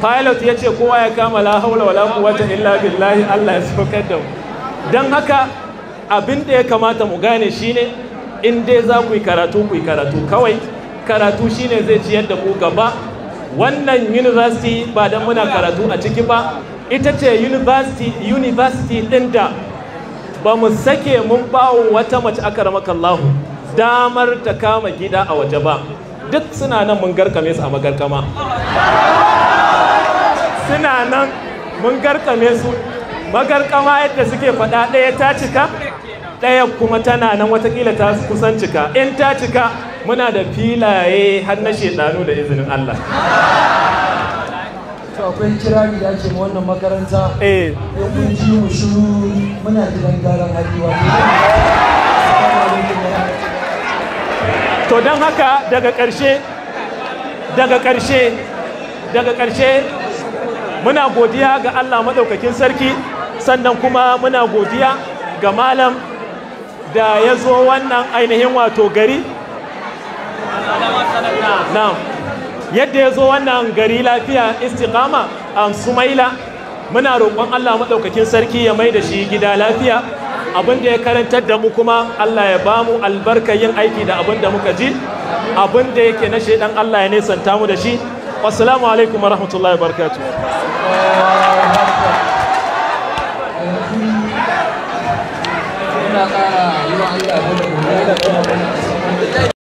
pilot ya ce kowa ya kama la haula wala quwwata illa billahi Allah ya saukar da mu dan haka abin da ya kamata mu gane shine in dai za ku yi karatu ku yi karatu kawai karatu shine zai ciyar da ku gaba wannan university ba dan muna karatu a ciki ba ita ce university ɗin da ba mu sake mun bawo wata mace aka ramakallahu damar ta kama gida a waje ba duk suna nan mun garkame su a magarkama suna nan mun garkame su magarkama yadda suke faɗa ɗaya ta cika ɗaya kuma tana nan watakila ta kusan cika in ta cika muna da filaye har na shedanu da izinin Allah to akwai kirari da ake ma wannan makaranta eh kun ji mu shiru muna gidan garan hadiwa to don haka daga ƙarshe daga ƙarshe daga ƙarshe muna godiya ga Allah maɗaukakin sarki sannan kuma muna godiya ga malam da ya zo wannan ainihin wato gari na'am yadda ya zo wannan gari lafiya istiqama a sumaila muna roƙon Allah maɗaukakin sarki ya mai da shi gida lafiya abin da ya karantar da mu kuma Allah ya ba mu albarka yin aiki da abin da muka ji abin da yake na shaidan Allah ya nesanta mu da shi wasu alaikum wa rahmatullahi